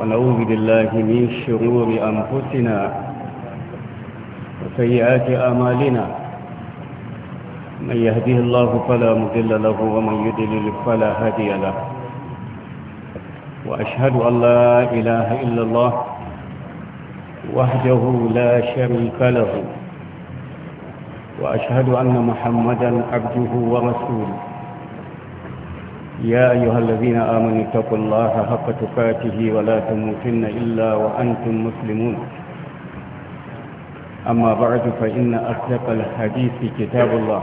ونعوذ بالله من شرور أنفسنا وسيئات آمالنا من يهده الله فلا مضل له ومن يضلل فلا هادي له وأشهد أن لا إله إلا الله وحده لا شريك له وأشهد أن محمدا عبده ورسوله يا أيها الذين آمنوا اتقوا الله حق تقاته ولا تموتن إلا وأنتم مسلمون أما بعد فإن أصدق الحديث كتاب الله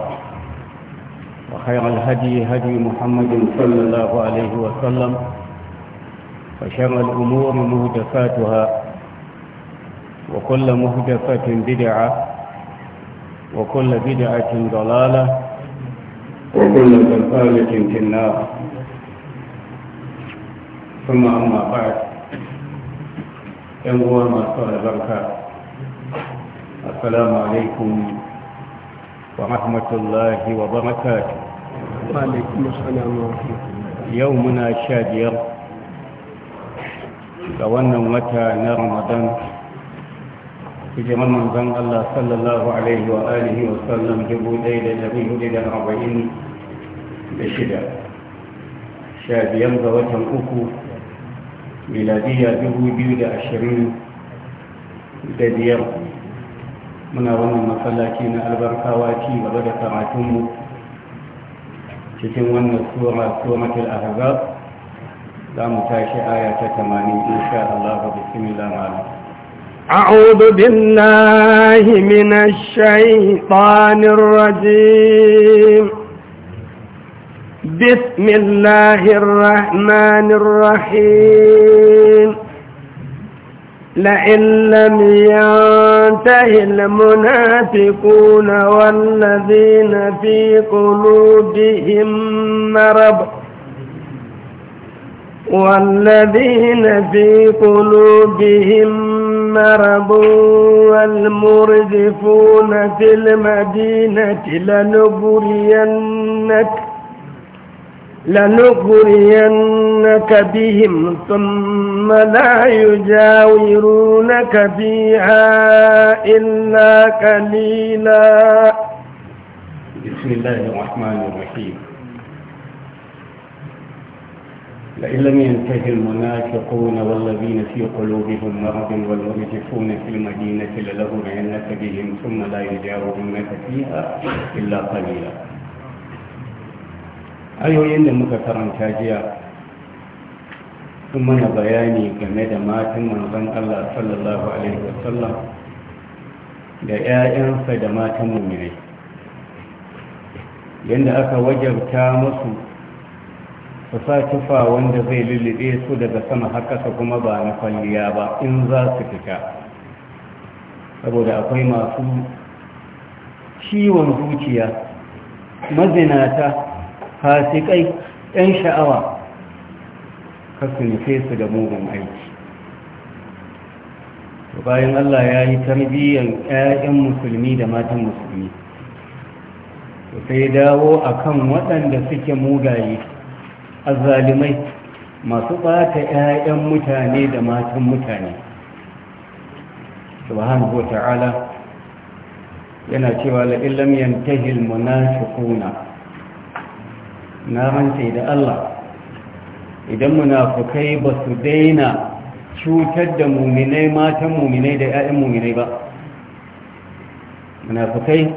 وخير الهدي هدي محمد صلى الله عليه وسلم وشر الأمور مهدفاتها وكل مهدفة بدعة وكل بدعة ضلالة وكل ضلالة في النار sun ma'an mafa yan guwa masu albarka assalamu alaikum wa rahmatullahi wa baraka yau muna sha biyar ga wannan wata na ramadan hijiman manzan Allah sallallahu alaihi wa wa sallam dubu ɗaya da ɗari hudu da arba'in da shida sha biyan ga watan uku miladiyya biyar. muna wannan masallaci na albarkawa ci gaba da karatunmu cikin wannan tsora tsoratul ahzab za mu tashi aya ta 80 insha Allah bismillah ma'ana أعوذ بالله من الشيطان الرجيم بسم الله الرحمن الرحيم لئن لم ينته المنافقون والذين في قلوبهم مرض والذين في قلوبهم مرض والمرجفون في المدينة لنبرينك لنغرينك بهم ثم لا يجاورونك فيها إلا قليلا بسم الله الرحمن الرحيم لئن لم ينتهي المنافقون والذين في قلوبهم مرض والمرجفون في المدينة لنغرينك بهم ثم لا يجاورونك فيها إلا قليلا ayoyin da muka karanta jiya sun mana bayani game da matan manzon Allah sallallahu alaihi wasallam da 'ya'yansa da matan muminai yadda aka wajabta musu su sa tufa wanda zai lullube su daga sama hakasa kuma ba na kwalliya ba in za su fita saboda akwai masu ciwon zuciya mazinata fasikai ɗan sha'awa kasu su da mugun aiki bayan Allah ya yi tarbiyyar 'ya'yan musulmi da matan musulmi sai dawo akan waɗanda suke mugaye azalimai masu ɓata 'ya'yan mutane da matan mutane subhanahu wa ta'ala yana cewa la'illam yantahil munafiquna na rance da Allah idan munafukai ba su daina cutar da muminai matan muminai da 'ya'yan muminai ba munafukai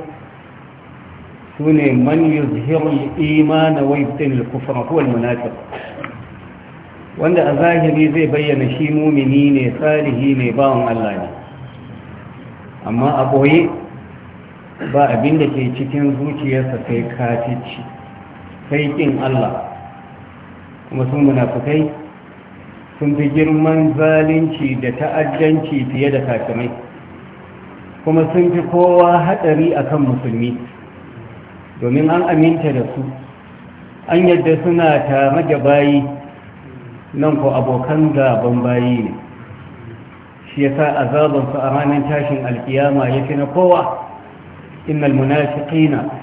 su ne man yuzhirul imana wa yubtinul kufra huwa wanda a zahiri zai bayyana shi mumini ne salihi ne bawan Allah ne amma a boye ba abin da ke cikin zuciyarsa sai kafici Kai ƙin Allah kuma sun munafukai sun fi girman zalunci da ta'addanci fiye da kafirai kuma sun fi kowa haɗari akan musulmi domin an aminta da su an yadda suna ta da bayi nan ko abokan gaban bayi ne shi sa azabansu a ranar tashin alkiyama ya fi na kowa inal munafiqina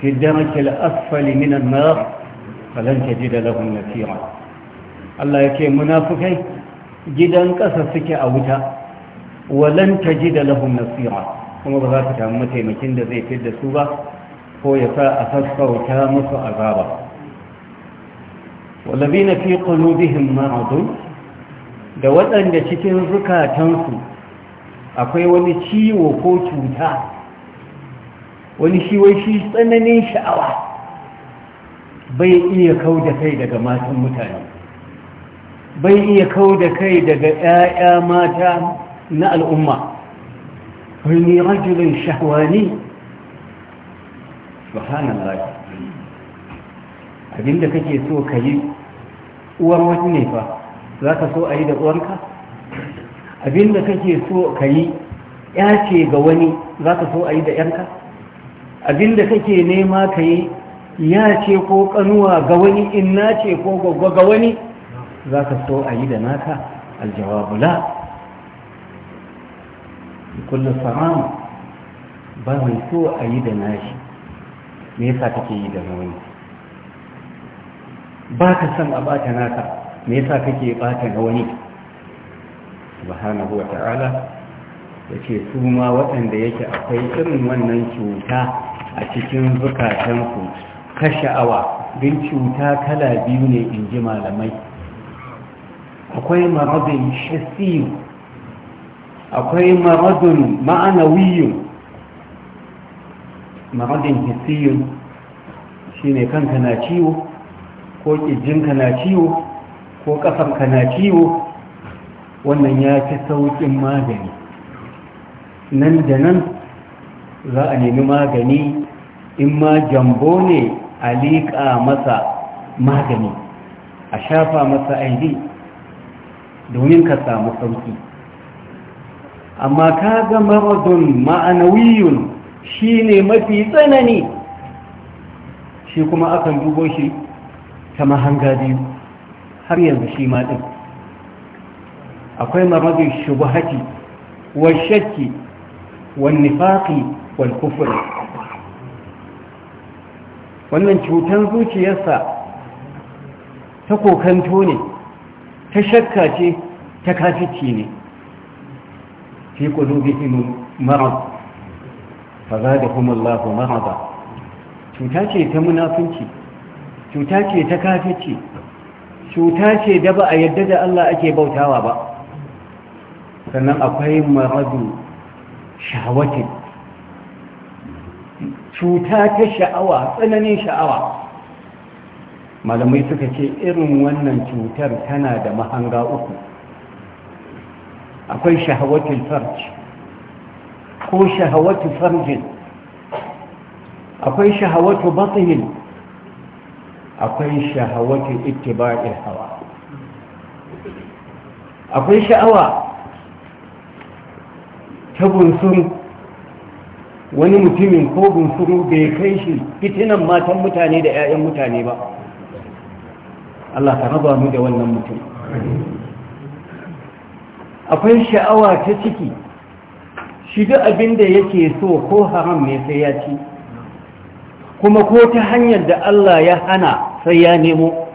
في الدرك الأسفل من النار فلن تجد لهم نفيرا الله يكي منافقين جدا كسسك أوتا ولن تجد لهم نصيرا kuma ba za ta samu mataimakin da zai fi da su ba ko ya sa a sassauta musu azaba wallabi na fi ƙunubihin ma'adun da waɗanda cikin zukatansu akwai wani ciwo ko cuta wani shi wai shi tsananin sha'awa bai iya kau da kai daga matan mutane bai iya kau da kai daga 'ya'ya mata na al'umma wani rajulun shahwani subhanallah abinda kake so ka yi uwar wani ne fa za ka so a yi da uwarka abinda kake so ka yi ya ga wani za ka so a yi da yanka abinda kake nema ka yi ya ce ko kanuwa ga wani na ce ko gwaggwa ga wani za ka so a yi da naka Aljawabula kullum samu ba mai so a yi da nashi me yasa kake yi da wani ba ka san a bata naka me yasa kake bata ga wani subhanahu wa ta'ala ya su ma waɗanda yake akwai irin wannan cuta a cikin zukatanku ka sha'awa din cuta kala biyu ne in ji malamai akwai maradun shasiyu akwai maradun ma'anawiyun maradun hisiyun shi kanka na ciwo ko ka na ciwo ko ka na ciwo wannan ya fi sauƙin magani nan da nan za a nemi magani in ma jambo ne a liƙa masa magani a shafa masa aidi domin ka samu sauki amma ka ga maradun ma'anawiyun shi ne mafi tsanani shi kuma akan dubo shi ta mahanga biyu har yanzu shi ɗin. akwai maradun shubuhati wa shakki wa nifaƙi wal wannan cutar zuciyarsa ta kokanto ne ta shakka ce ta kafici ne fi qulubihim marad fazadahum Allahu marada cuta ce ta munafunci cuta ce ta kafici cuta ce da ba a yadda da Allah ake bautawa ba sannan akwai maradu shahawatin cuta ta sha'awa tsananin sha'awa malamai suka ce irin wannan cutar tana da mahanga uku akwai shahawatul farj ko shahawatul farjin akwai shahawatul batin akwai shahawatul ittiba'il hawa akwai sha'awa ta bunsun wani mutumin ko gunsuru bai kai shi fitinan matan mutane da 'ya'yan mutane ba Allah ka raba mu da wannan mutum akwai sha'awa ta ciki shi duk abin da yake so ko haram ne sai ya ci kuma ko ta hanyar da Allah ya hana sai ya nemo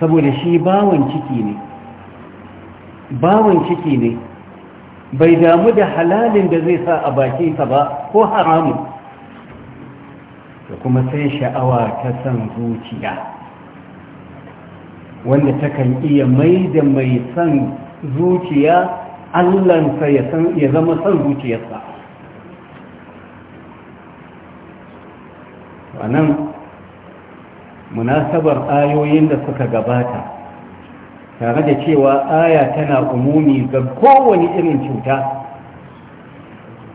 saboda shi bawon ciki ne bawon ciki ne bai damu da halalin da zai sa a baki bakinsa ba ko haramun da kuma sai sha'awa ta san zuciya wanda takan iya mai da mai san zuciya allansa ya zama san zuciyarsa Wannan munasabar ayoyin da suka gabata tare da cewa aya tana umumi ga kowane irin cuta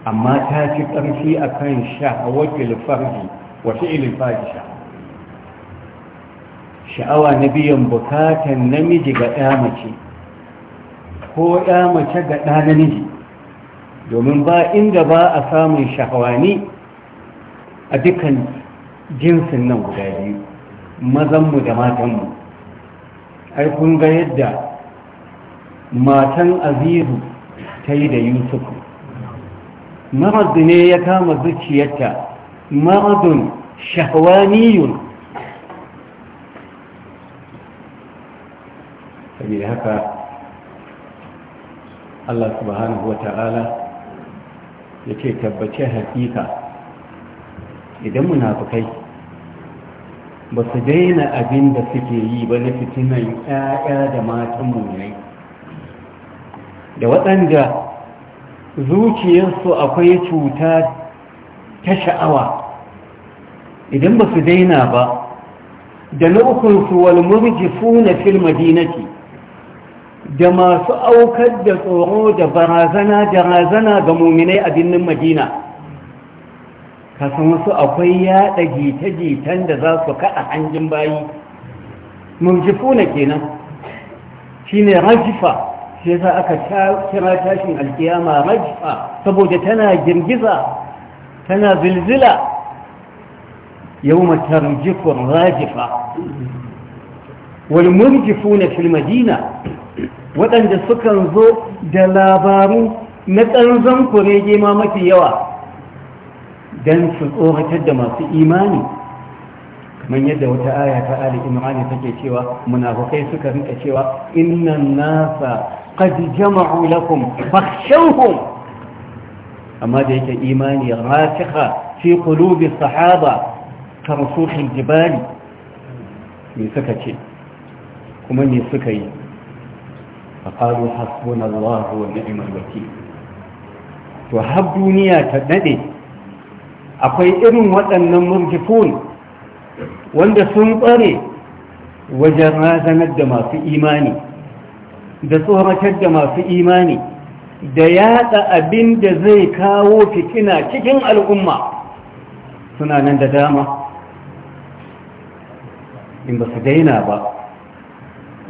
amma ta fi ƙarfi a kan sha'awakil farji wa fi'ilin sha'awa na biyan bukatan namiji ga ɗa mace ko ɗa mace ga ɗa namiji domin ba inda ba a samun sha'awani a dukkan jinsin nan guda biyu mazanmu da matanmu ai kun ga yadda matan azizu ta yi da yusuf maradu ne ya kama zuciyarta maradun shahwaniyun saboda haka allah subhanahu wa ta'ala ya ce tabbace hakika idan munafukai ba su daina abin da suke yi ba na fitinan ƴaƴa da matan mummunai da waɗanda zuciyarsu akwai cuta ta sha'awa idan ba su daina ba da na ukunsu walmurji funa fil madinati da masu aukar da tsoro da barazana da razana ga muminai a birnin madina kasan wasu akwai yaɗa gita-gitan da za su kaɗa hanjin bayi na kenan shine rajifa sai za aka kira tashin alkiyama rajifa saboda tana girgiza tana zilzila yau matar jifin rajifa walmurjifu na filmadina waɗanda sukan zo da labaru na ƙanzon kurege ma mafi yawa don su tsoratar da masu imani kamar yadda wata aya ta ali imrani take cewa munafukai suka rinka cewa innan nasa qad jama'u lakum fakhshawhum amma da yake imani rasikha fi qulubi sahaba tarsukhil jibali me suka ce kuma me suka yi faqalu hasbunallahu wa ni'mal wakeel to har duniya ta dade akwai irin waɗannan murjifun wanda sun tsare wajen razanar da masu imani da tsoratar da masu imani da yatsa abin da zai kawo fitina cikin al'umma suna nan da dama in ba su daina ba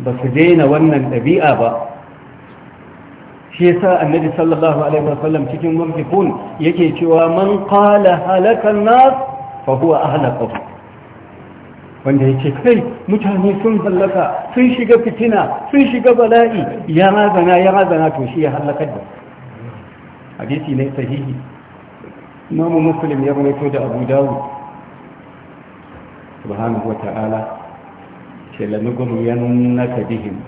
ba su daina wannan ɗabi'a ba shi yasa annabi sallallahu alaihi wa sallam cikin murfikun yake cewa man qala halakan nas fa huwa ahlaqahu wanda yake kai mutane sun halaka sun shiga fitina sun shiga bala'i ya razana ya razana to shi ya halakar da hadisi ne sahihi imamu muslim ya rawaito da abu dawud subhanahu wa ta'ala ce lanuguriyannaka bihim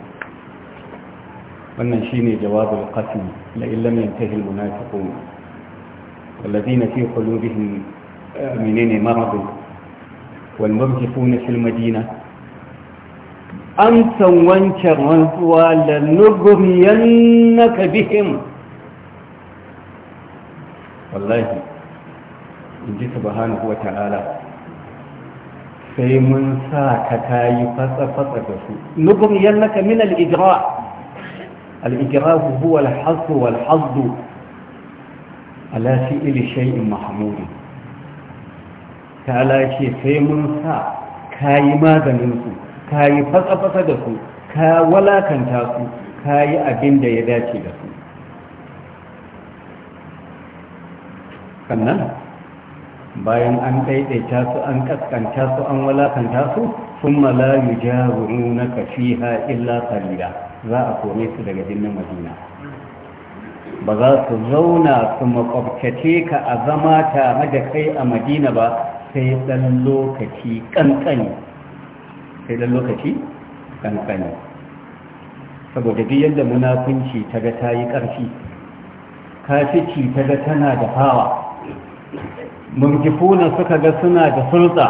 wannan shine jawabul qasmi la illam yantahi al munafiqun والذين في قلوبهم منين مرض والمرجفون في المدينة أنت وانشر ولنغرينك بهم والله in ji subhanahu wa ta'ala sai mun sa ka kayi fatsa-fatsa da su nubun yannaka min al-ijra الإجراف هو الحظ والحظ على فئل شيء محمود تعالى شيء في منسى كاي ماذا منسو كاي فسفس دسو كا ولا كنتاسو كاي أبين دا يداتي دسو sannan bayan an daidaita su an kaskanta su an walakanta su sun malayu jaru na kafiha illa kalila za a kome su daga jinnin madina ba za su zauna su makwabtace ka a zama tare da kai a madina ba sai ɗan lokaci ƙanƙani sai ɗan lokaci ƙanƙani saboda duk yadda munafunci ta ga ta yi ƙarfi kafici ta ga tana da hawa murjifuna suka ga suna da sulta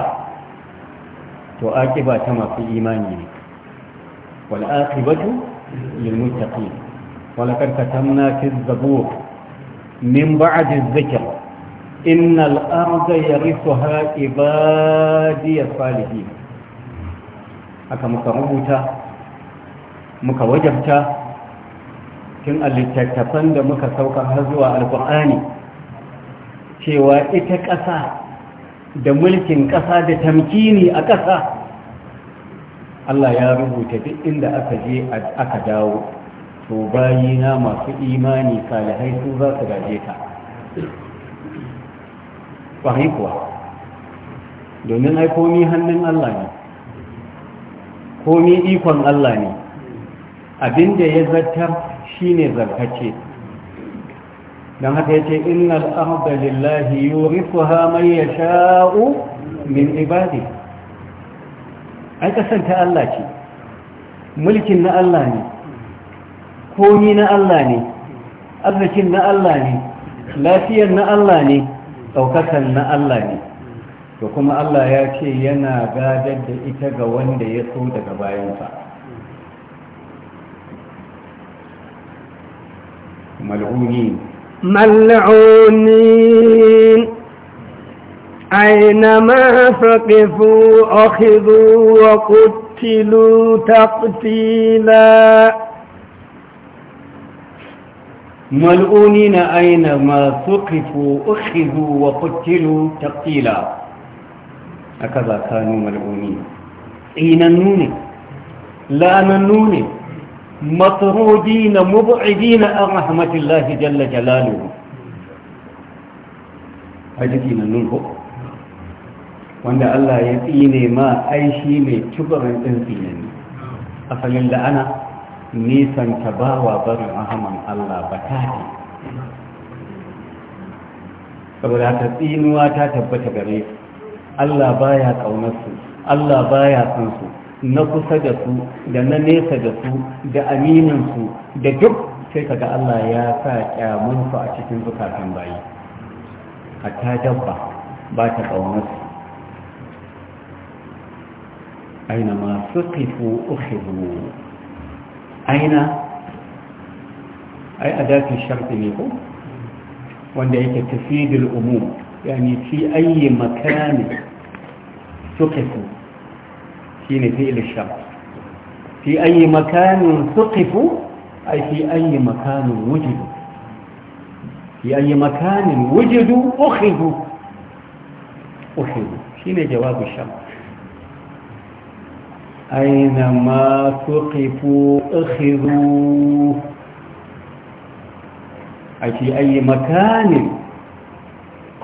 to aƙiba ta masu imani ne wal'aƙibatu للمتقين ولقد كتمنا في الزبور من بعد الذكر إن الأرض يرثها عبادي الصالحين haka muka rubuta muka wajabta tun a littattafan da muka saukar har zuwa alkur'ani cewa ita ƙasa da mulkin ƙasa da tamkini a ƙasa Allah ya rubuta duk inda aka je aka dawo to na masu imani salihai su za su gaje ta ƙwarai kuwa domin ai komi hannun Allah ne komi ikon Allah ne abinda ya zartar shine zartace don haka yace innal arda lillahi man yasha'u min ibadihi ai kasan ta Allah ce mulkin na Allah ne komi na Allah ne arzikin na Allah ne lafiyar na Allah ne ɗaukakan na Allah ne to kuma Allah ya ce yana gadar da ita ga wanda ya so daga bayansa mal'uni mal'unin أينما ثقفوا أخذوا وقتلوا تقتيلا ملؤونين أينما ثقفوا أخذوا وقتلوا تقتيلا هكذا كانوا ملؤونين لا لاننون مطرودين مبعدين عن رحمة الله جل جلاله هذه النون هو wanda Allah ya tsine ma aishi mai tubarin ɗin tsinani asalin la'ana nisan ta ba wa barin rahaman Allah ba ta ce saboda tsinuwa ta tabbata gare su Allah baya ƙaunarsu Allah baya son su na kusa da su da na nesa da su da aminansu da duk sai kaga Allah ya sa kyamunsu a cikin zukatan bayi ta dabba ba ta ƙaunarsu أينما ثقفوا أخذوا أين أي أداة الشرط لكم وأن تفيد الأمور يعني في أي مكان ثقفوا في فعل الشرط في أي مكان ثقفوا أي في أي مكان وجدوا في أي مكان وجدوا أخذوا أخذوا حين جواب الشرط أينما ثقفوا أخذوا أي في أي مكان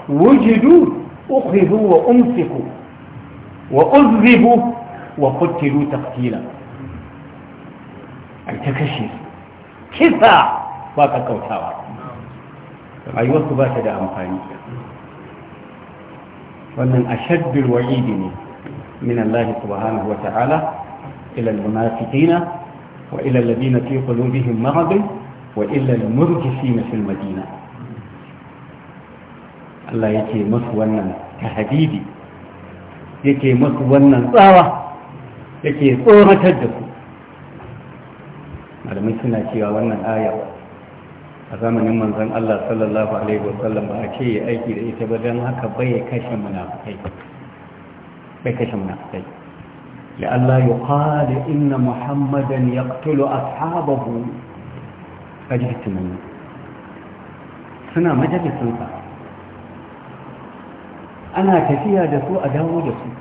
وجدوا أخذوا وأمسكوا وأذبوا وقتلوا تقتيلا أي تكشف كفا فاق كوتاوة أي وصبات دا أمفاني ومن أشد الوعيد من الله سبحانه وتعالى إلى المنافقين وإلى الذين في قلوبهم مرض وإلى المرجسين في المدينة Allah yake masu wannan tahadidi yake masu wannan tsawa yake tsoratar da ku malamai suna cewa wannan ayar a zamanin manzan Allah sallallahu alaihi wasallam ba a ce yi aiki da ita ba don haka bai kashe munafikai bai kashe munafikai لئلا يقال إن محمدا يقتل أصحابه فجهت منه سنة مجلس سنة أنا تفيها دسو أداو دسو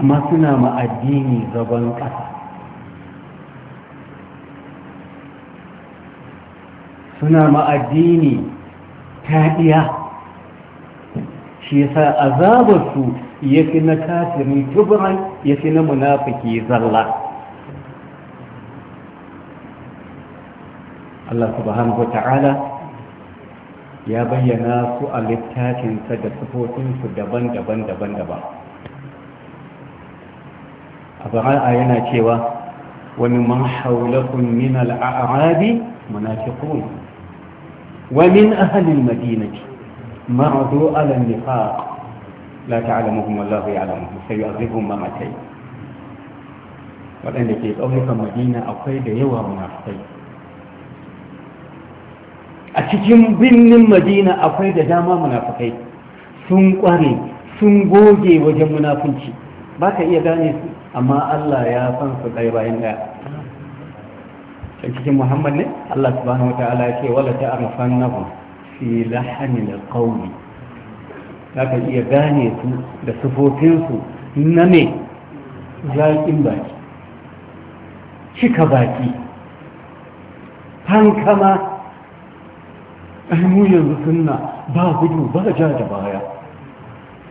أما سنة ما أديني زبان قصة سنة ما أديني تاديه shi yasa su yafi na kafiri tubran yafi na munafiki zalla Allah subhanahu wata'ala ya bayyana su a littafinsa da sifofinsu daban-daban daban-daban a yana cewa wani man haulakun min al'arabi munafiqun wa min ahalin madinati مرضوا على النفاق لا تعلمهم والله يعلمهم سيعذبهم مرتين waɗanda ke ƙauyukan madina akwai da yawa munafai a cikin birnin madina akwai da dama munafukai sun ƙware sun goge wajen munafunci ba ka iya gane su amma allah ya san su ɗaya bayan ɗaya cikin muhammad ne allah subhanahu wa ta'ala ya ce wala ta'arifan nahum fi lahanin alƙauni za ka iya gane su da sifofinsu na me zaƙin baki cika baki hankama mu yanzu suna ba gudu ba ja da baya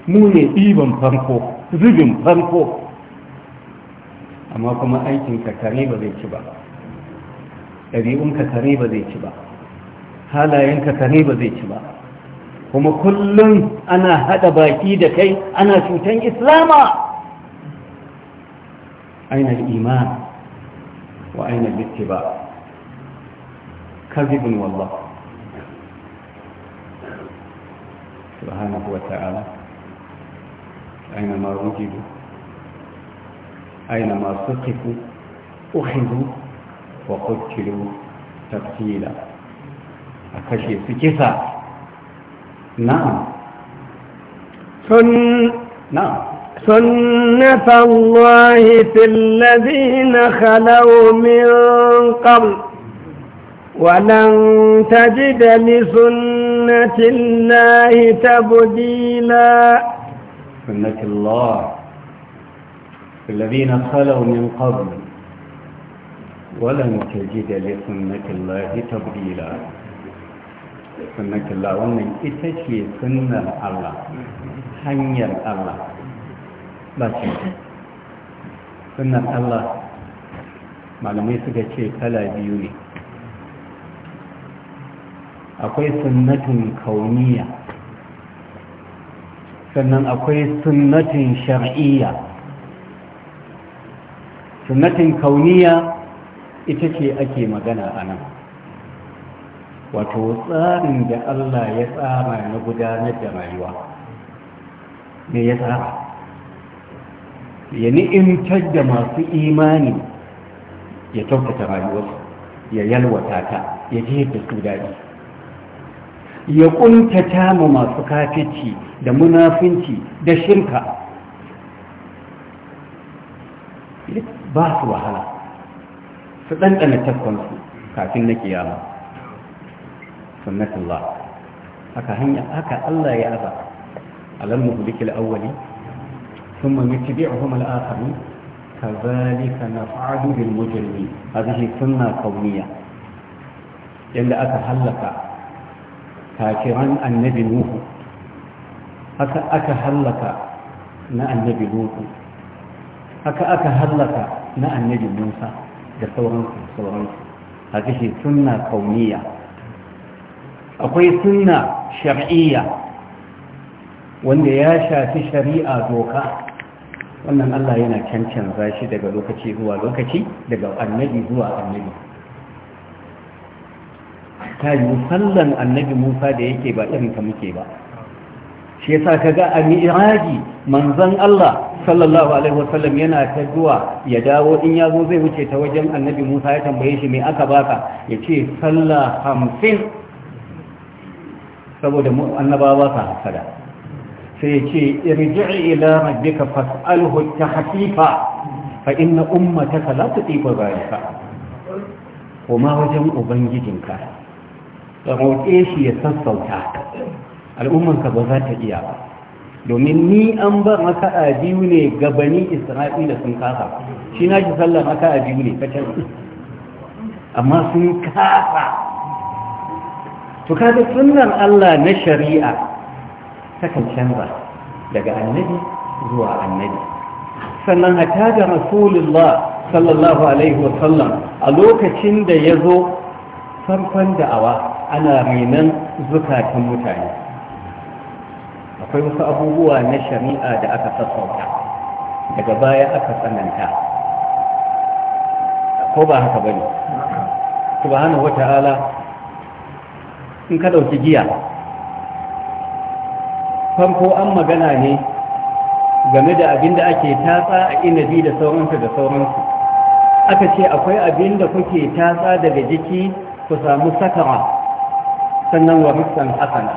mu ne ɗiban farko zubin farko amma kuma aikin kakare ba zai ci ba ɗabi'un kakare ba zai ci ba halayenka kare ba zai ci ba kuma kullum ana hada baki da kai ana cutan islama aina iman wa aina bittiba kazibin wallah subhanahu wa ta'ala aina ma wujidu aina ma suqifu ukhidu wa qutilu tafsila a kashe su kisa na'am sun na'am سنة الله في الذين خلوا من قبل ولن تجد لسنة الله تبديلا سنة الله في الذين خلوا من قبل ولن تجد لسنة الله تبديلا killa wannan ita ce sunan Allah hanyar Allah ba ce sunan Allah malamai suka ce kala biyu ne akwai sunnatin kauniya sannan akwai sunnatin shar'iyya sunnatin kauniya ita ce ake magana a nan wato tsarin da Allah ya tsara na gudanar da rayuwa ne ya tsara ya ni'imtar da masu imani ya tabbata rayuwarsu ya yalwata ta ya ji yadda su daɗi ya ƙuntata ma masu kafici da munafinci da shirka ba su wahala su ɗanɗana tafkonsu kafin na kiyama sunnatullah haka hanya haka Allah ya aba alam muhliki al-awwali thumma nutbi'uhum al-akhirin kadhalika naf'alu bil mujrimin hadhihi sunna qawmiyya yanda aka halaka kafiran annabi nuhu haka aka halaka na annabi nuhu haka aka halaka na annabi musa da sauransu sauransu hadhihi sunna qawmiyya akwai sunna shar'iyya wanda ya shafi shari'a doka wannan Allah yana cancanza shi daga lokaci zuwa lokaci daga annabi zuwa annabi ta yi sallan annabi musa da yake ba irin ta muke ba shi yasa kaga a mi'raji manzan Allah sallallahu alaihi wasallam yana ta zuwa ya dawo in ya zo zai wuce ta wajen annabi Musa ya tambaye shi me aka baka ce sallah hamsin saboda mu annabawa sa hasada sai ce irji'i ila rabbika fas'alhu tahfifa fa inna ummataka la tutifa zalika kuma wajen ubangijinka ka roƙe shi ya sassauta al'ummanka ba za ta iya ba domin ni an ba maka a biyu ne gabani isra'ila sun kasa shi na shi sallar maka a biyu ne kacan amma sun kasa to kaga sunnan Allah na shari'a takan canza daga annabi zuwa annabi sannan hatta da rasulullah sallallahu alaihi wasallam a lokacin da ya zo farkon da'awa ana renon zukatun mutane akwai wasu abubuwa na shari'a da aka sassauta daga baya aka tsananta ko ba haka bane subhanahu wata'ala in ka ɗauki giya farko an magana ne game da abin da ake tatsa a inabi da sauransu da sauransu aka ce akwai abin da kuke tatsa daga jiki ku samu sakawa sannan wa rufsan hasana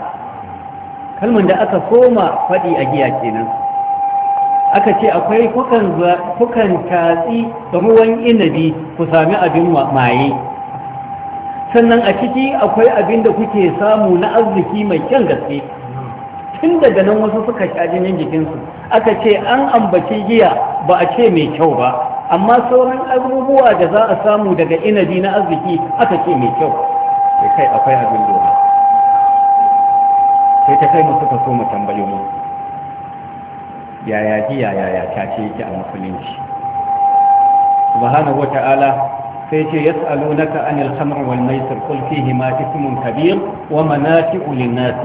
kalmar da aka koma faɗi a giya kenan aka ce akwai kukan tatsi ruwan inabi ku sami abin maye sannan a ciki akwai abin da kuke samu na arziki mai kyan gaske tun daga nan wasu suka sha jinin jikinsu aka ce an ambaci giya ba a ce mai kyau ba amma sauran abubuwa da za a samu daga inadi na arziki aka ce mai kyau sai kai akwai abin doma sai ta kai mu suka mu tambayo mu yaya giya yaya ta ce yake a musulunci subhanahu wata'ala sai ce yas'alunaka anil khamr wal maisir qul fihi ma ismun kabir wa manafi'u lin-nas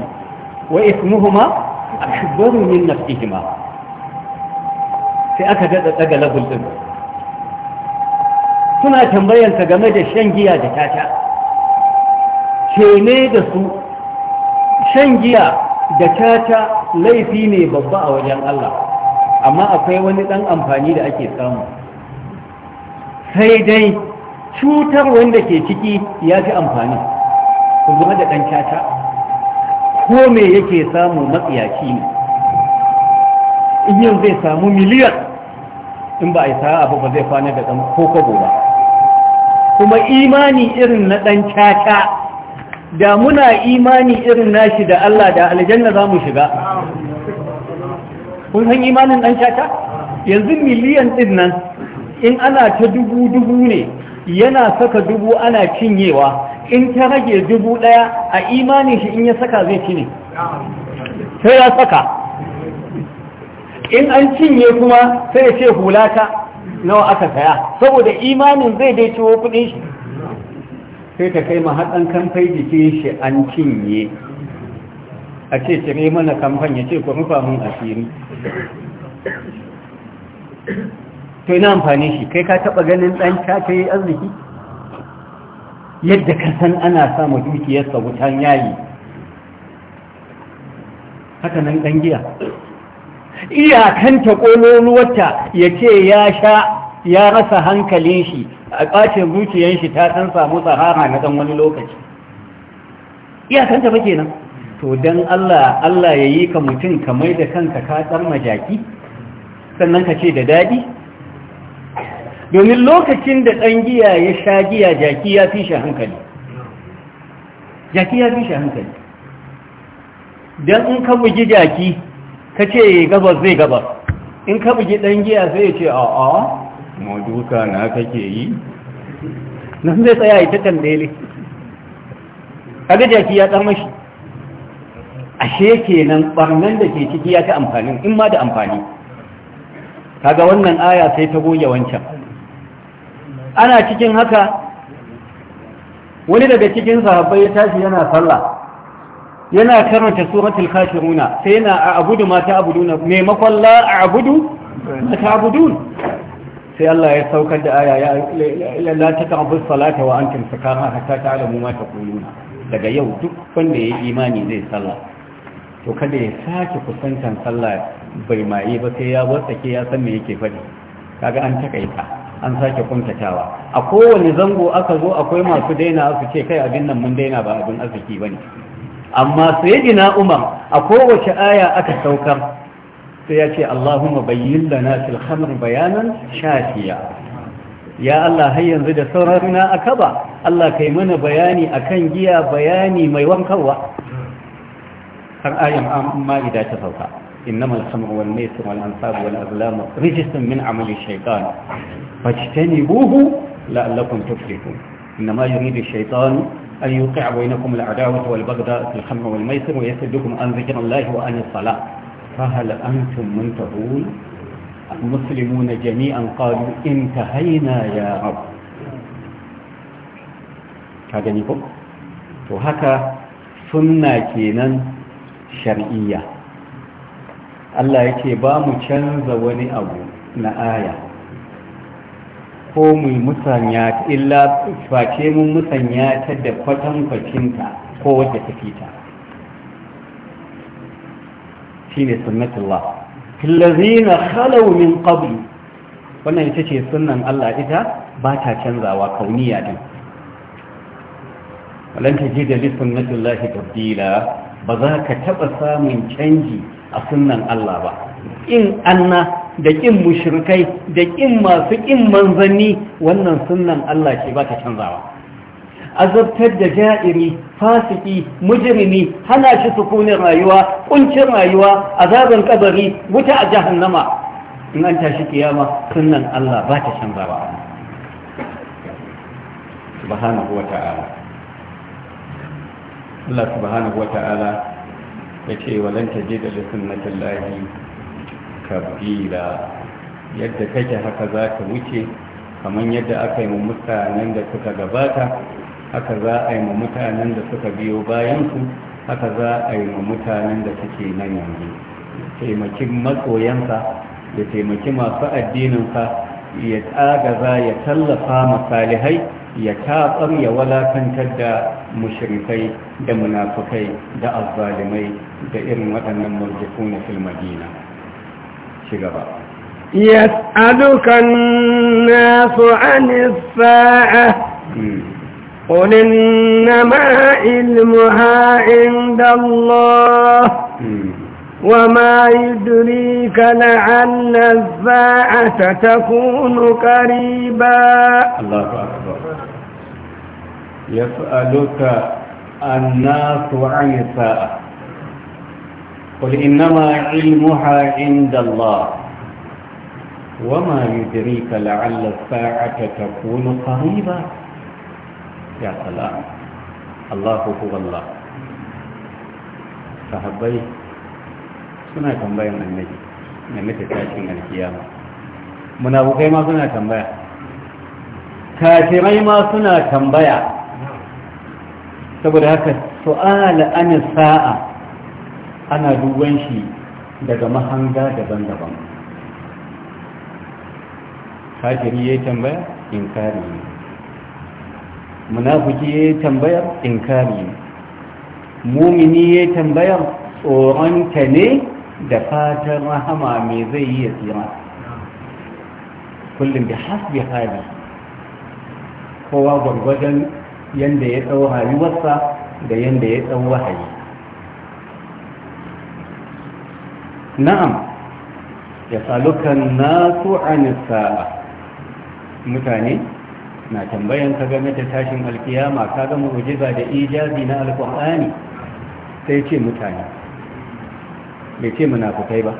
wa ismuhuma akbaru min nafsihima sai aka dada daga labul din suna tambayan ka game da shan giya da tata ne da su shan giya da tata laifi ne babba a wajen Allah amma akwai wani dan amfani da ake samu sai dai cutar wanda ke ciki ya fi amfani ku zama da ɗan caca ko me yake samu matsiyaci ne in zai samu miliyan in ba a yi sa'a ba ba zai kwana da ɗan koko ba kuma imani irin na ɗan caca da muna imani irin nashi da Allah da aljanna za mu shiga kun san imanin ɗan caca yanzu miliyan ɗin nan in ana ta dubu-dubu ne yana saka dubu ana cinyewa in ta rage dubu ɗaya a imanin shi in ya saka zai cinye sai ya saka in an cinye kuma sai ya ce hulata nawa aka saya saboda imanin zai dai ciwo kudin shi sai ta kai mahaɗan kamfai jikin shi an cinye a ce cire mana kamfan ya ce ku asiri to ina amfani shi kai ka taba ganin dan ta yi arziki yadda ka san ana sa mu dukiyarsa wutan yayi haka nan dan giya iyakanta kololuwarta ya ce ya sha ya rasa hankalin shi a ƙace zuciyar shi ta ɗan samu sahara na ɗan wani lokaci iyakanta ba kenan to don Allah Allah ya yi ka mutum ka mai da kanka ka ɗan majaki sannan ka ce da daɗi domin lokacin da ɗan giya ya sha giya jaki ya fi shi hankali jaki ya fi shi hankali don in ka bugi jaki ka ce gabas zai gabas in ka bugi ɗan giya sai ya ce a a maduka na kake yi nan zai tsaya yi ita tambele kaga jaki ya ɗan mashi ashe kenan ɓarnar da ke ciki ya ta amfanin in ma da amfani kaga wannan aya sai ta goge wancan ana cikin haka wani daga cikin sahabbai ya tashi yana sallah yana karanta suratul kafiruna sai yana a abudu ma abuduna maimakon la a abudu ma abudun sai Allah ya saukar da aya ya la ta salata wa antum sakara hatta ta'lamu ma taquluna daga yau duk wanda ya imani zai sallah to kada ya sake kusantan sallah bai maye ba sai ya wasake ya san me yake faɗi kaga an takaita an sake kuntatawa a kowane zango aka zo akwai masu daina su ce kai abin nan mun daina ba abin arziki ba ne amma gina umar a kowace aya aka saukar sai ya ce allahumma bayyin lana fil silhamar bayanan shafiya ya Allah har yanzu da sauran na aka ba Allah kai mana bayani akan giya bayani mai wankarwa har ayan amma ma'ida ta sauka إنما السمع والميسر والأنصاب والأظلام رجس من عمل الشيطان فاجتنبوه لعلكم تفلحون إنما يريد الشيطان أن يوقع بينكم العداوة والبغضاء في الخمر والميسر ويسدكم عن ذكر الله وعن الصلاة فهل أنتم منتهون المسلمون جميعا قالوا انتهينا يا رب نقول وهكا سنة كينا شرعية Allah ya ce ba mu canza wani abu na aya ko mu musanya illa face mun musanya ta da kwatankwacinta ko wacce ta fita shi ne sunnatullah fillazina khalau min qablu wannan ita ce sunnan Allah ita ba ta canzawa kauniya din walanta ji da lissunnatullahi tabdila ba za ka taɓa samun canji a sunan Allah ba in anna da kin mushrikai da kin masu kin manzanni wannan sunan Allah ce ba ta canzawa azabtar da ja'iri fasiki mujrimi hana shi sukunin rayuwa kuncin rayuwa azabin kabari wuta a jahannama in an tashi kiyama sunan Allah ba ta canzawa subhanahu wata'ala Allah subhanahu wata'ala yace walan da li sunnatillahi kabila yadda kake haka zaka wuce kamar yadda aka yi mutanen da suka gabata haka za a yi mutanen da suka biyo bayansu haka za a yi mutanen da suke nan yanzu taimakin matsoyansa ya taimaki masu addininsa ya tsagaza ya tallafa masalihai ya tatsar ya walakantar da mushrikai da munafukai da azzalimai da irin waɗannan murjifuna fil madina shi gaba yas'alukan nasu anis sa'a قل إنما علمها عند الله وما يدريك لعل الساعة تكون قريبا الله أكبر يسألك الناس عن الساعة قل إنما علمها عند الله وما يدريك لعل الساعة تكون قريبا يا سلام الله هو الله sahabbai suna tambayan annabi na mace tashin alkiyama bukai ma suna tambaya kafirai ma suna tambaya saboda haka su'ala an sa'a ana duban shi daga mahanga daban-daban kafiri ya tambaya inkari ne munafuki ya tambayar inkari ne mumini ya tambayar tsoronta ne da fatan rahama mai zai yi ya tsira kullum da hasbi hali kowa gwargwadon yanda ya tsawo rayuwarsa da yanda ya tsawo wahayi na'am ya salukan nasu anisa mutane na tambayan ka game da tashin alkiyama ka ga mu'jiza da ijazi na alkur'ani sai ce mutane bai ce munafukai ba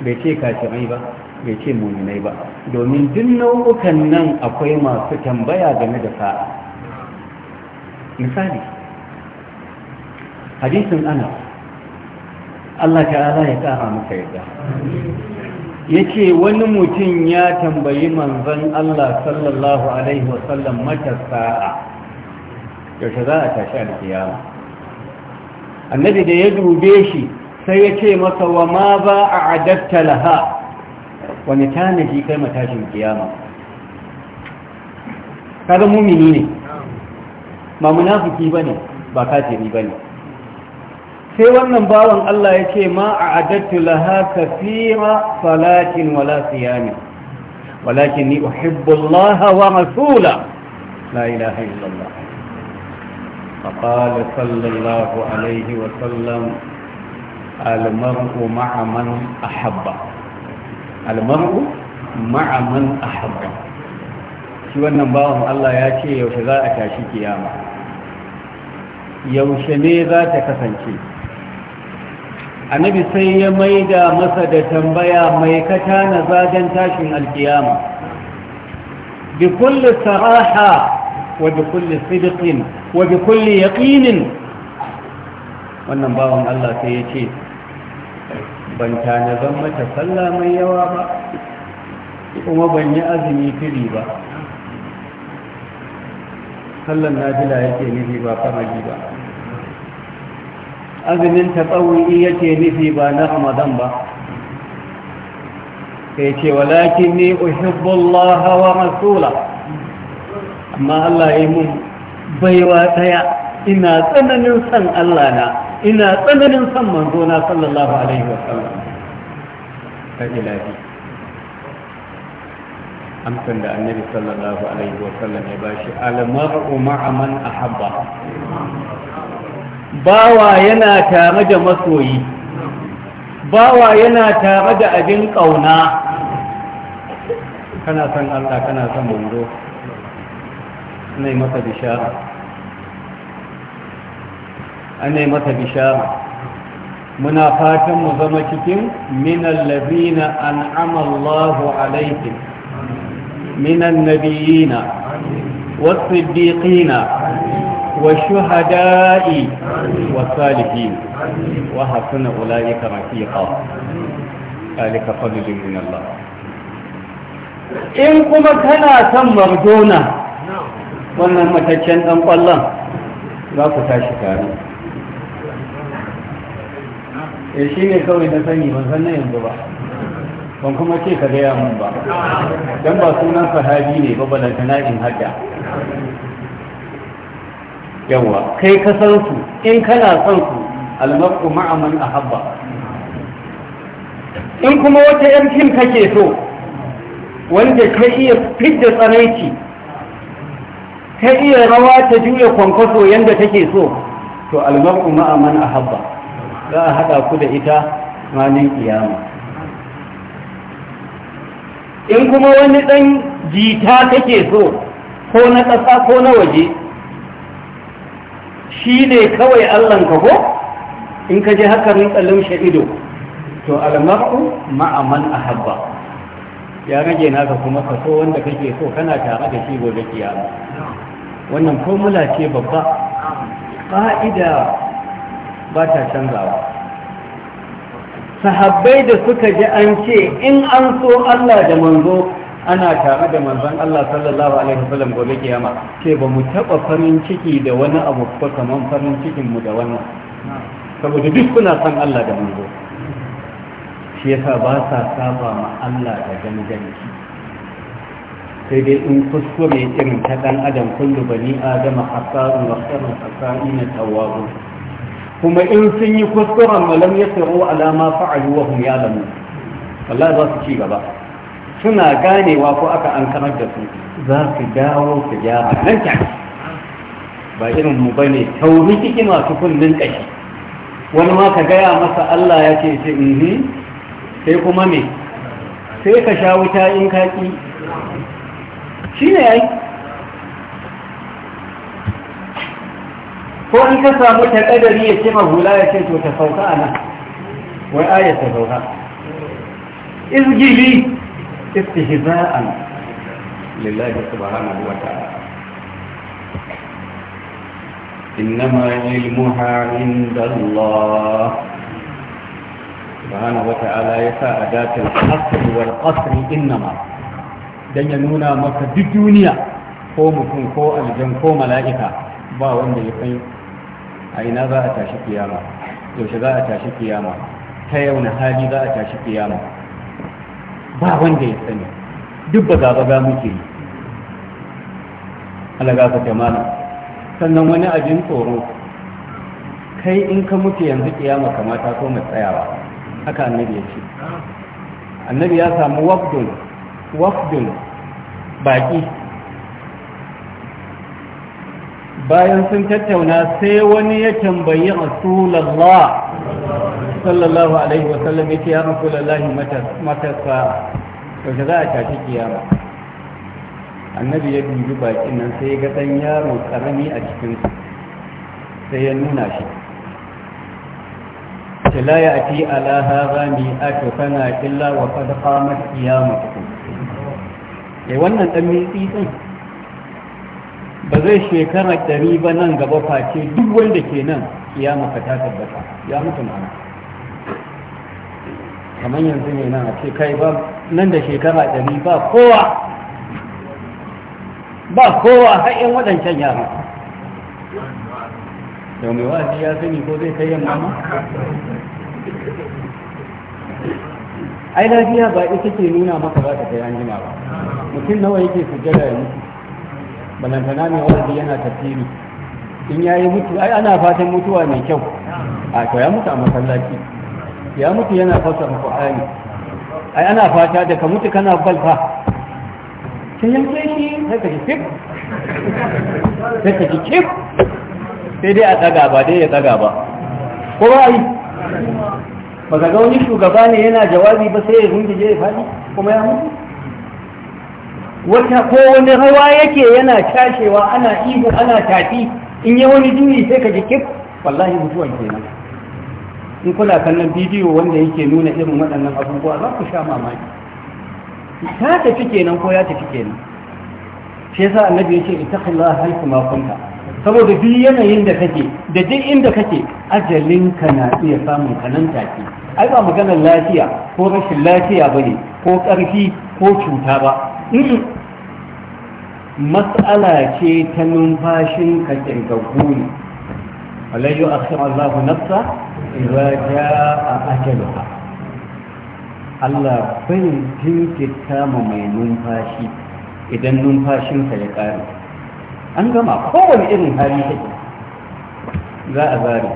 bai ce kashirai ba bai ce muminai ba domin duk nau'ukan nan akwai masu tambaya game da sa'a misali hadisin ana Allah ta'ala ya ƙara masa yadda ya ce wani mutum ya tambayi manzan Allah sallallahu Alaihi wasallam mata sa'a yaushe za a tashi alkiyama annabi da ya dube shi sai ya ce masa wa ma ba a adatta laha wani tanaji kai matashin kiyama kaga mumini ne ba munafiki bane ba kafiri bane sai wannan bawan Allah ya ce ma a adattu laha kafira salatin wala siyami walakin ni uhibbu Allah wa rasula la ilaha illallah فقال صلى الله عليه وسلم المرء مع من أحب المرء مع من أحب شو أن الله يا شيء وشذاء كاشي yaushe ne za ta kasance annabi sai ya maida masa da tambaya mai kata na zagen tashin alkiyama bi kulli saraha wa bi kulli sidqin wa bi kulli yaqinin wannan bawan Allah sai ya ce ban tanazan mata sallah mai yawa ba kuma ban yi azumi fili ba sallan nafila yake nufi ba farali ba azumin tatsawuyi yake nufi ba na ramadan ba sai ce walakin ni uhibbu Allah wa rasula amma Allah ya mun baiwa daya ina tsananin san Allah na ina tsananin san manzo na sallallahu alaihi wa sallam ta ilahi amsan da annabi sallallahu alaihi wasallam ya bashi almar'u ma'a man ahabba bawa yana tare da masoyi bawa yana tare da abin kauna kana son Allah kana son manzo ne masa bishara ne masa bishara muna fatan mu zama cikin minallazina an'ama Allahu alaihim من النبيين والصديقين والشهداء والصالحين وحسن أولئك رفيقا ذلك فضل من الله in kuma kana son marjona wannan mataccen ɗan ƙwallon za ku tashi tare ya shi ne kawai na sani ban san na yanzu ba ban kuma ce ka gaya mun ba don ba sunan sahabi ne ba balantana in hada yawa kai ka san su in kana san su almar'u ma'a man habba. in kuma wata yan fim kake so wanda ka iya fidda tsanaici ka iya rawa ta juya kwankwaso yadda take so to almar'u ma'aman man ahabba za a haɗa ku da ita ranar kiyama in kuma wani ɗan jita kake so ko na ƙasa ko na waje shi ne kawai ka ko in ka ji haka rinka lamshe ido to almar'u ma'aman a habba. ya rage naka kuma kaso wanda kake so kana tare da shi gobe kiyama wannan formula ce babba ƙa'ida ba ta canzawa sahabbai da suka ji an ce in an so Allah da manzo ana tare da manzon Allah sallallahu alaihi wasallam gobe kiyama ce ba mu taba farin ciki da wani abu ko kaman farin cikin mu da wannan saboda duk kuna san Allah da manzo shi yasa ba sa saba ma Allah da shi sai dai in kuskure irin ta dan adam kullu bani adama hasarun wa sarrun hasarina tawwabun kuma in sun yi kuskuren malam ya tsiro alama fa'alu wa hum yalamu wallahi za su ci gaba suna ganewa ko aka an da su za su dawo su gyara nan ta ba irin mu bane tauri ciki masu kunnin kashi wani ma ka gaya masa Allah ya ce ce mhm sai kuma me sai ka sha wuta in kaki shi ne ai ko in ka samu ta kadari ya ce mahula ya ce to ta sauka a nan wai aya ta sauka izgili istihza'an lillahi subhanahu wa ta'ala إنما علمها عند الله سبحانه وتعالى يسا أداة الحصر والقصر إنما دن ينونا مكة الدنيا ko mutum ko aljan ko mala'ika ba wanda ya a ina za a tashi kiyama yaushe za a tashi kiyama ta yau na hali za a tashi kiyama ba wanda ya sani duk ba gaba ga muke yi ta jama'a sannan wani abin tsoro kai in ka mutu yanzu kiyama kamata ko mu tsayawa haka annabi ya ce annabi ya samu wafdun wafdun baki bayan sun tattauna sai wani ya tambayi rasulallah sallallahu alaihi wa ya ce ya rasulallahi matasa yaushe za a tashi kiyama annabi ya dubi bakin nan sai ya ga ɗan yaro ƙarami a cikin cikinsu sai ya nuna shi ce la ya ati ala haza mi ake fana illa wa qad qamat qiyamatukum eh wannan dan mitsi din ba zai shekara ɗari ba nan gaba face duk wanda ke nan ya maka ta tabbata ya mutu ma'ana kamar yanzu ne nan a ce kai ba nan da shekara ɗari ba kowa ba kowa har yan waɗancan yara da mai wa'azi ya sani ko zai kai yamma ma ai lafiya ba ita ke nuna maka ba ta kai an jima ba mutum nawa yake sujada ya mutu balantana mai wa'azi yana tafiri in ya yi mutu ai ana fatan mutuwa mai kyau a to ya mutu a masallaci ya mutu yana fasa alƙur'ani ai ana fata da ka mutu kana balfa sai yanke shi sai ka ji kif sai ka ji kif sai dai a tsaga ba dai ya tsaga ba ko ba yi ba ga wani shugaba ne yana jawabi ba sai ya je ya faɗi kuma ya mutu wata ko wani rawa yake yana cashewa ana ihu ana tafi in yi wani juyi sai ka ji kif wallahi mutuwan kenan in kuna kallon bidiyo wanda yake nuna irin waɗannan abubuwa za ku sha mamaki ta tafi kenan ko ya tafi kenan shi yasa annabi yace ittaqillaha haythu ma kunta saboda duk yanayin da kake da duk inda kake ajalinka na iya samun kanan tafi. ai ba maganar lafiya ko rashin lafiya ba ne, ko ƙarfi ko cuta ba matsala ce ta numfashin ka kirgagu ne a cikin Allah nafsa ja a ajaluha Allah bai jinkirta ma mai numfashi idan numfashin ka ya kare an gama kowane irin hali take za a zare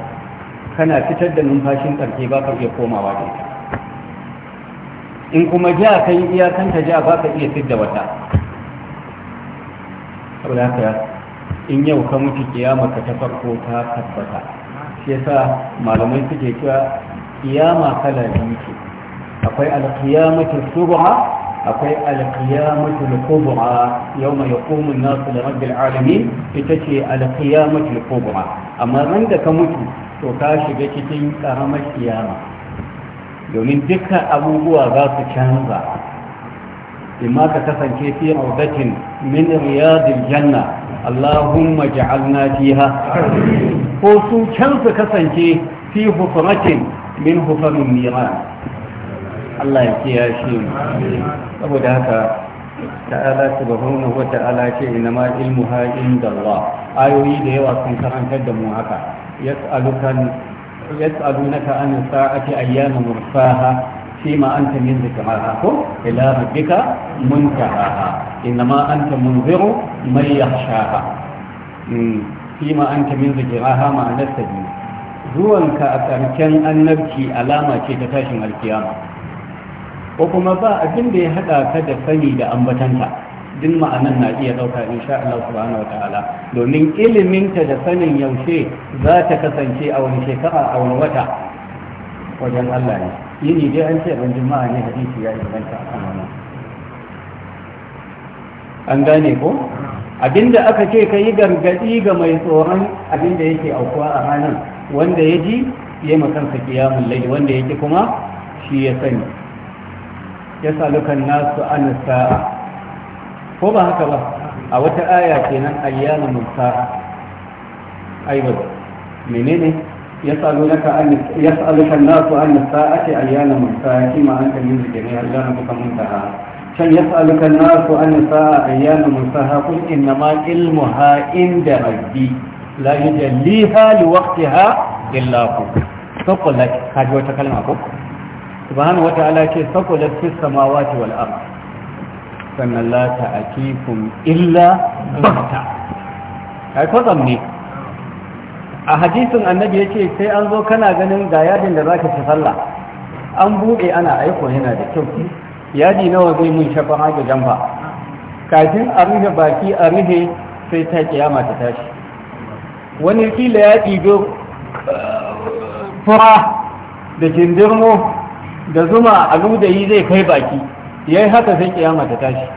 kana fitar da numfashin karfe ba ka iya komawa da ita in kuma ja kan kanta ja ba ka iya fidda wata in yau ka mutu kiyama ka ta farko ta tabbata shi yasa malamai suke cewa kiyama kala biyu ce akwai alqiyamatu subha akwai alqiyamatu kubra yawma yaqumu an-nasu li rabbil alamin ita ce alqiyamatu kubra amma ran da ka mutu to ka shiga cikin karamar kiyama domin dukkan abubuwa za su canza imma ka kasance fi raudatin min riyadil janna Allahumma ja'alna fiha ko su can su kasance fi hufratin min hufarin niran Allah ya shi mu saboda haka ta'ala subhanahu wa ta'ala ce inama ilmuha indallah ayoyi da yawa sun karantar da mu haka yas'alukan yas'alunaka an sa'ati ayyana mursaha fi ma anta min zikraha ko ila rabbika muntaha inma anta munziru man yakhshaha fi ma anta min zikraha ma anastabi zuwanka a karshen annabci alama ce ta tashin alkiyama ko kuma ba abin da ya haɗa ka da sani da ambatanta duk ma'anan na iya ɗauka insha Allah subhanahu wataala domin iliminta da sanin yaushe za ta kasance a wani shekara a wani wata wajen Allah ne Yini ne dai an ce ban juma'a ne hadisi ya inganta a kan an gane ko abinda aka ce ka yi gargaɗi ga mai tsoron abinda yake aukuwa a ranar wanda ya ji ya makansa kiyamun lai wanda yake kuma shi ya sani ya salukan nasu an sa'a ko ba haka ba a wata aya kenan ayyana musa aibar menene يسألونك عن يسألك الناس عن الساعة أيان مرساك كما أنت من الجميع جانبك منتهى كان يسألك الناس عن الساعة أيان مرساها قل إنما علمها عند ربي لا يجليها لوقتها إلا هو ثقلت هذه وتكلم أبوك سبحانه وتعالى كي ثقلت في السماوات والأرض فإن لا تأتيكم إلا بغتة هذا ضمني a hadisin annabi ya ce sai an zo kana ganin ga yadin da za ka ci sallah an buɗe ana aiko yana da kyau yadi nawa zai mun shafa haka jamfa kafin a rufe baki a rufe sai ta kiyama ta tashi wani kila ya ɗigo eh, fura da jindirmo da zuma a ludayi zai kai baki ya yi haka sai kiyama ta tashi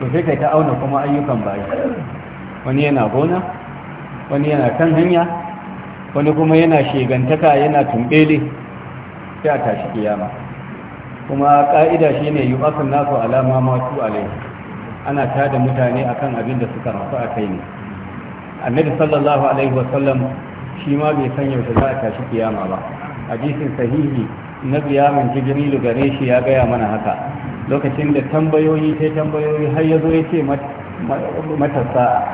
to sai kai ta auna kuma ayyukan bayi wani yana gona wani yana kan hanya wani kuma yana shigantaka yana tumbele sai a tashi kiyama kuma ka'ida shine yubasun nasu alama masu alai ana tada mutane akan abin da suka rasu a kai ne annabi sallallahu alaihi wasallam shi ma bai san yaushe za a tashi kiyama ba a hadisin sahihi na biyamin jibrilu gare shi ya gaya mana haka lokacin da tambayoyi sai tambayoyi har ya zo ya ce matasa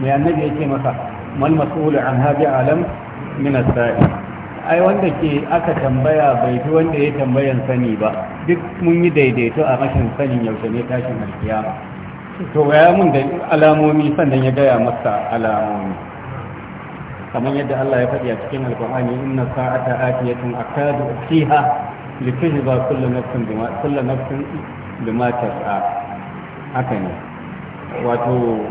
mai annabi ya ce masa mal mas'ul an haji alam min as ai wanda ke aka tambaya bai fi wanda ya tambayan sani ba duk mun yi daidaito a rashin sanin yaushe ne tashin alkiyama to ya mun da alamomi sannan ya gaya masa alamomi kamar yadda Allah ya faɗi a cikin alkur'ani inna sa'ata atiyatun akadu fiha litujza kullu nafsin bima kullu nafsin bima tas'a haka ne wato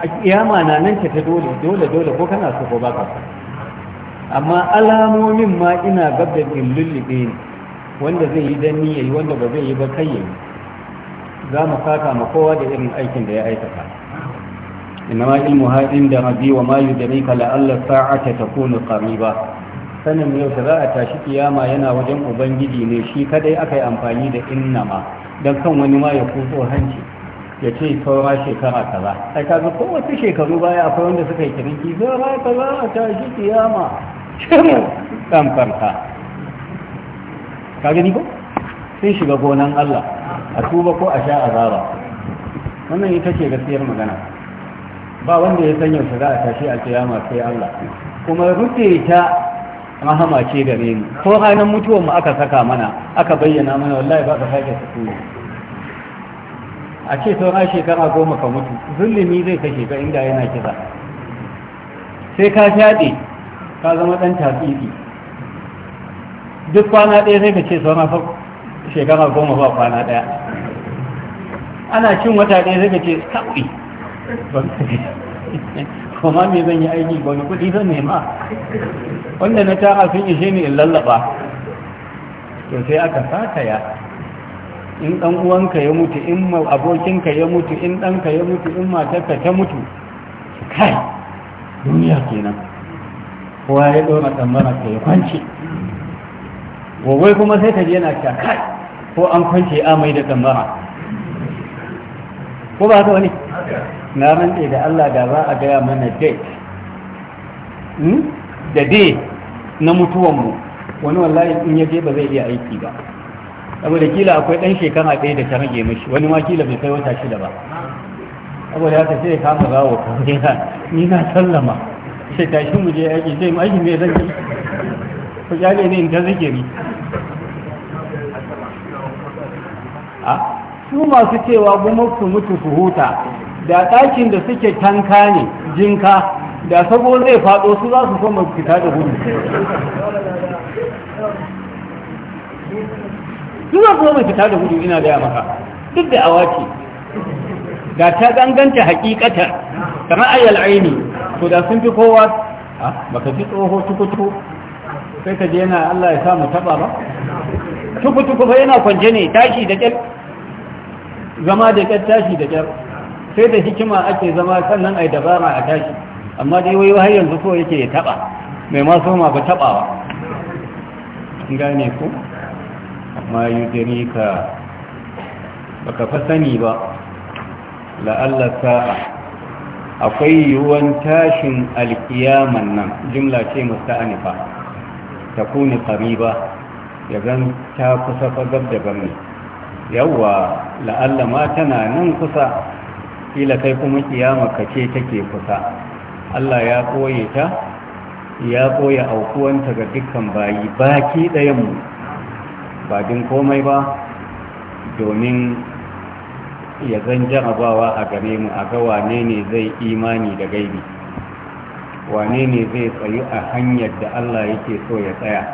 a kiyama na nan ta dole dole dole ko kana so ko ba ka amma alamomin ma ina gabda in lullube ne wanda zai yi dan ya wanda ba zai yi ba kai ya yi za mu saka ma kowa da irin aikin da ya aikata inama ilmu hadin da rabi wa ma yudrika la alla sa'ata takunu qariba sanin yau za a tashi kiyama yana wajen ubangiji ne shi kadai akai amfani da innama dan kan wani ma ya hanci ya ce saura shekara kaza ai ka ga kowace shekaru baya akwai wanda suka yi kirki saura za a tashi kiyama shirin kan farka kaga ni ko sun shiga gonan Allah a tuba ko a sha azaba wannan ita ce gaskiyar magana ba wanda ya san yaushe za a tashi a kiyama sai Allah kuma rufe ta mahama ce gare ni ko ranar mutuwar mu aka saka mana aka bayyana mana wallahi ba ka sake su a ce sauran shekara goma ka mutu zulumi zai kashe ka inda yana kisa sai ka fyaɗe ka zama ɗan tafiɗi. duk kwana ɗaya zai ka ce sauran shekara goma ba kwana ɗaya ana cin wata ɗaya zai ka ce kawai kuma me zan yi aiki ba wani kudi zan nema wanda na tara sun ishe ni in lallaba to sai aka ka ya in ɗan uwanka ya mutu in abokinka ya mutu in ɗanka ya mutu in matarka ta mutu kai duniya kenan kowa ya ɗora tambara ka ya kwance wawai kuma sai ka je na ta kai ko an kwance amai da tambara? ko ba haka wani na rantse da Allah da za a gaya mana date hmm, da dai na mutuwanmu wani wallahi in ya je ba zai iya aiki ba saboda kila akwai ɗan shekara ɗaya da ta rage mashi wani ma kila bai kai wata shida ba saboda haka sai ya kama zawo kawai ni na sallama sai tashi mu je aiki sai mu aiki mai zan yi ku jale ne in ta zikiri a su masu cewa goma su mutu su huta da ɗakin da suke tanka ne jinka da sabo zai faɗo su za su koma fita da gudu suna kuma mai fita da gudu ina gaya maka duk da awa da ta ganganta hakikatar kamar ayyal aini to da sun fi kowa baka fi tsoho tukutu sai ka je yana Allah ya sa mu taba ba tukutuku fa yana kwanje ne tashi da kyar zama da kyar tashi da kyar sai da hikima ake zama sannan ai dabara a tashi amma dai wai har yanzu so yake ya taba mai ma so ma ba tabawa gane ko ma yudrika baka fa sani ba la'alla sa'a akwai yiwuwan tashin alkiyaman nan jumla ce musta'anifa takuni qariba ya gan ta kusa fagab da gami yawwa la'alla ma tana nan kusa kila kai kuma kiyama kace take kusa Allah ya koye ta ya koya aukuwanta ga dukkan bayi baki ɗayanmu ba komai ba domin ya zan jarabawa a gare mu a ga wane ne zai imani da gaibi wane ne zai tsayu a hanyar da Allah yake so ya tsaya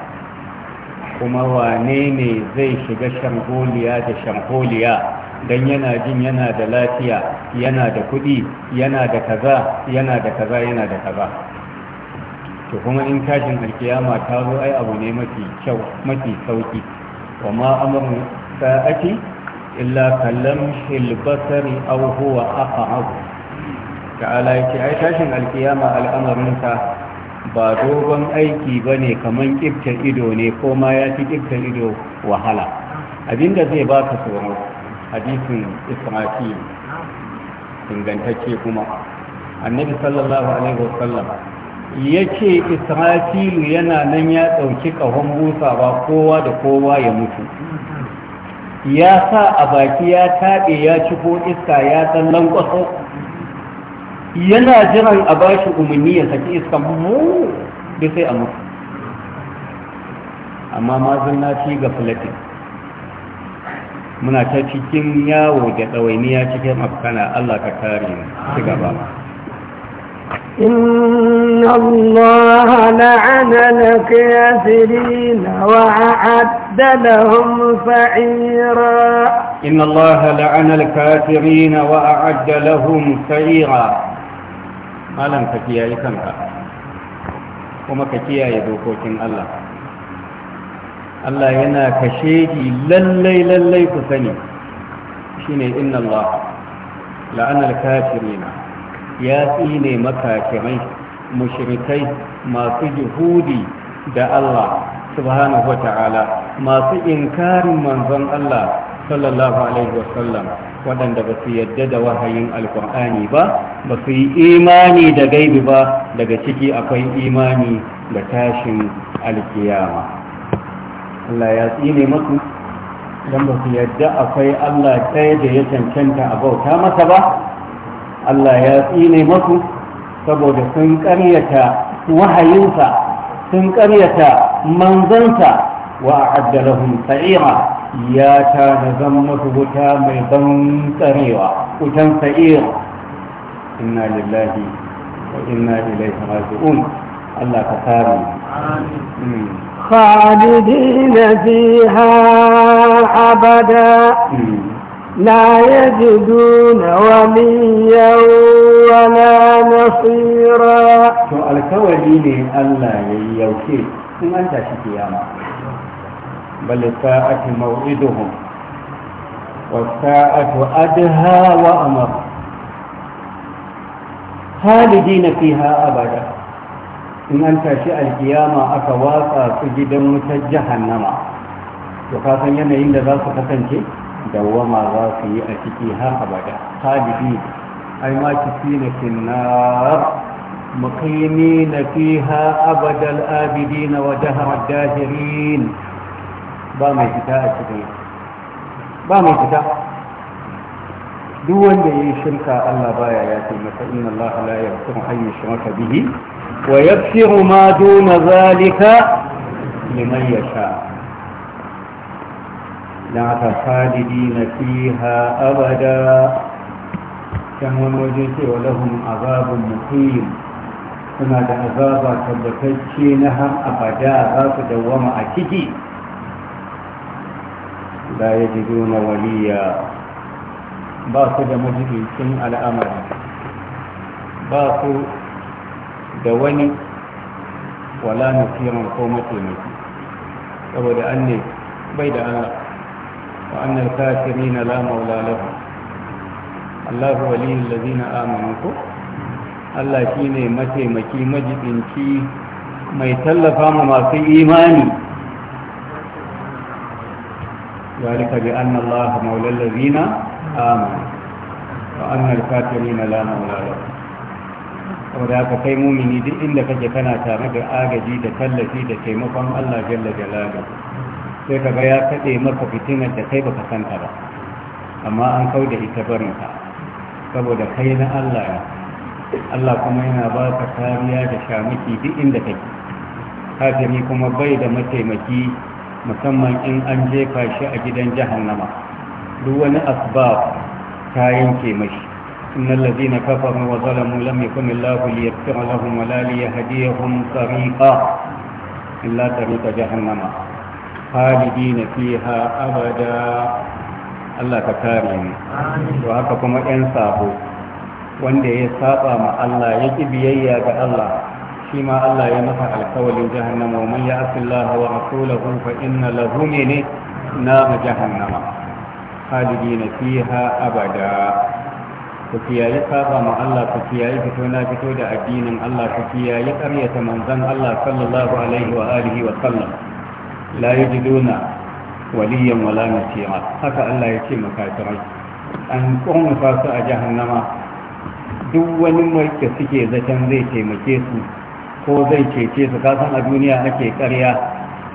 kuma wane ne zai shiga sharholiya da sharholiya don yana jin yana da lafiya yana da kudi yana da kaza yana da kaza yana da kaza to kuma in tashin alkiyama ta zo ai abu ne mafi kyau mafi sauki وما أمر الساعة إلا كلمح البصر أو هو أقعب تعالى يتعي تاشن القيامة الأمر نسا ba dogon aiki ba ne kamar ƙibta ido ne ko ma ya fi ƙibta ido wahala abinda zai ba ka tsoro hadisin isra'il ingantacce kuma annabi sallallahu alaihi wasallam ya ce yana nan ya ɗauki ƙahon musa ba kowa da kowa ya mutu ya sa a baki ya taɓe ya ci ko iska ya tsallan ƙwaso yana jiran a bashi shi umarni ya saki iska mu da sai a mutu amma mazin na ci ga filatin muna ta cikin yawo da ya cikin afkana allah ka kare ci gaba إن الله لعن الكافرين وأعد لهم سعيرا إن الله لعن الكافرين وأعد لهم سعيرا ما لم تكيئي كنك وما كيئي دوكوك الله الله هنا كشيدي للي للي lallai شيني إن الله لعن الكافرين la'anar ya tsine makakirai mushrikai masu juhudi da Allah subhanahu wata'ala masu inkarin manzon Allah sallallahu alaihi wasallam waɗanda ba su yadda da wahayin alkur'ani ba ba su yi imani da gaibi ba daga ciki akwai imani da tashin alkiyama Allah ya tsine masu don ba su yadda akwai Allah ɗaya da ya cancanta a bauta masa ba Allah ya tsine masu saboda sun karyata wahayinsa sun karyata manzansa wa addalahum sa'ira ya ta zan masu wuta mai ban tsarewa wutan sa'ir inna lillahi wa inna ilaihi raji'un Allah ka kare خالدين فيها أبدا لا يجدون وليا ولا نصيرا سؤالك وليه ألا يوكيل من أنت شكيانا بل ساعة موعدهم والساعة أدهى وأمر خالدين فيها أبدا إن أنت شئ القيامة أتواصى سجدا متجها النمى وقاسا يمين لذا سفتن شئ dawama za su yi a ciki har abada khalidi ai ma kifi na kinnar muqimi na fiha abadal abidin wa dahar dahirin ba mai fita a cikin ba mai fita duk wanda ya yi shirka Allah baya ya ce masa inna Allah la yaghfiru an yushraka bihi wa yaghfiru ma duna zalika liman yasha لعك خالدين فيها أبدا كم وجدت ولهم عذاب مقيم كما عذاب تبتشي نهم أبدا ذات دوام أكدي لا يجدون وليا باصد مجلس على أمر باصد دواني ولا نصيرا قومة نصير saboda an ne bai da Allah وأن الكافرين لا مولى لهم الله ولي الذين آمنوا الله شيني متي مكي مجد انشي ما يتلف ما في إيماني ذلك بأن الله مولى الذين آمنوا وأن الكافرين لا مولى لهم saboda haka kai mumini duk inda kake kana tare da agaji da tallafi da taimakon Allah jalla jalaluhu sai kaga ya kaɗe maka fitinar da kai baka santa ba amma an kau da ita barinka saboda kai na Allah ya Allah kuma yana ba ka kariya da shamaki duk inda kake kafiri kuma bai da mataimaki musamman in an jefa shi a gidan jahannama duk wani asbab ta yanke mashi إن الذين كفروا وظلموا لم يكن الله ليغفر لهم ولا ليهديهم طريقا إلا طريق جهنم khalidina fiha abada Allah ka kare ni to haka kuma ɗan sabo wanda ya saba ma Allah ya ki biyayya ga Allah shi ma Allah ya masa alƙawalin jahannama wa ya ya'si Allah wa rasulahu fa inna lahu min nar jahannama khalidina fiha abada ku kiyaye saba ma Allah ku kiyaye fito na fito da addinin Allah ku kiyaye ƙaryata manzon Allah sallallahu alaihi wa alihi wa sallam la yajiduna waliyan wala cewa, haka Allah ya ce makafirai an kurnufa su a jahannama duk wani mai suke zaton zai taimake su ko zai cece su kasan a duniya ake karya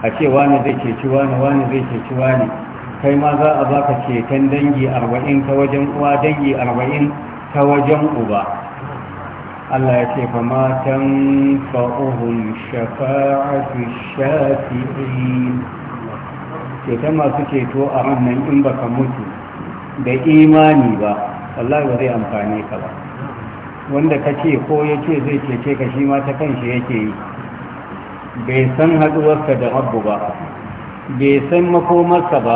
a ce wani zai ceci wani wani zai ceci wani kai ma za a baka ceton dangi arba'in ta wajen uwa dangi arba'in ta wajen uba Allah ya ce fa ma tanfa'uhum shafa'atu shafi'i. ke ta masu ceto a rannan in baka mutu da imani ba wallahi ba zai amfani ka ba wanda ka ce ko ya ce zai cece ka shi ma ta kanshi yake yi bai san haɗuwarsa da rabu ba bai san makomarsa ba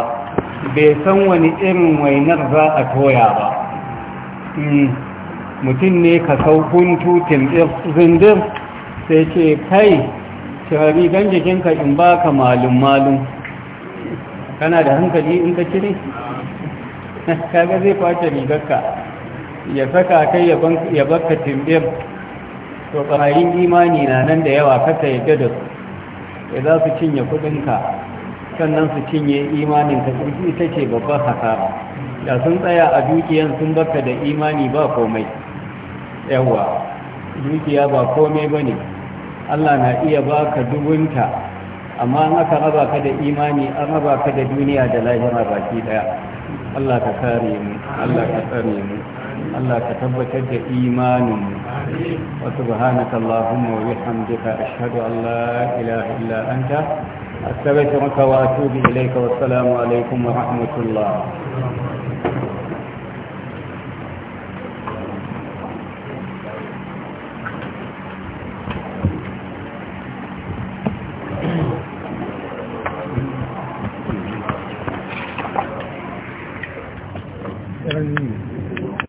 bai san wani irin wainar za a toya ba hmm. mutum ne ka sau huntu zindir sai ce kai shirari don jikinka in ba ka malum-malum kana da hankali in ka cire? kaga zai kwace rigarka ya saka kai ya baka timbir to imani na nan da yawa kasa ya gada su ya za su cinye kudinka sannan su cinye imaninka ita ce babban hasara da sun tsaya a dukiyan sun baka da imani ba komai yawa dukiya ba komai ba ne allah na iya baka dubunta amma an aka raba ka da imani an raba ka da duniya da lahira baki daya allah ka kare mu allah ka tsare mu allah ka tabbatar da imanin mu wa subhanaka allahumma wa bihamdika ashhadu an la ilaha illa anta astaghfiruka wa atubu ilayka wa assalamu alaikum wa rahmatullah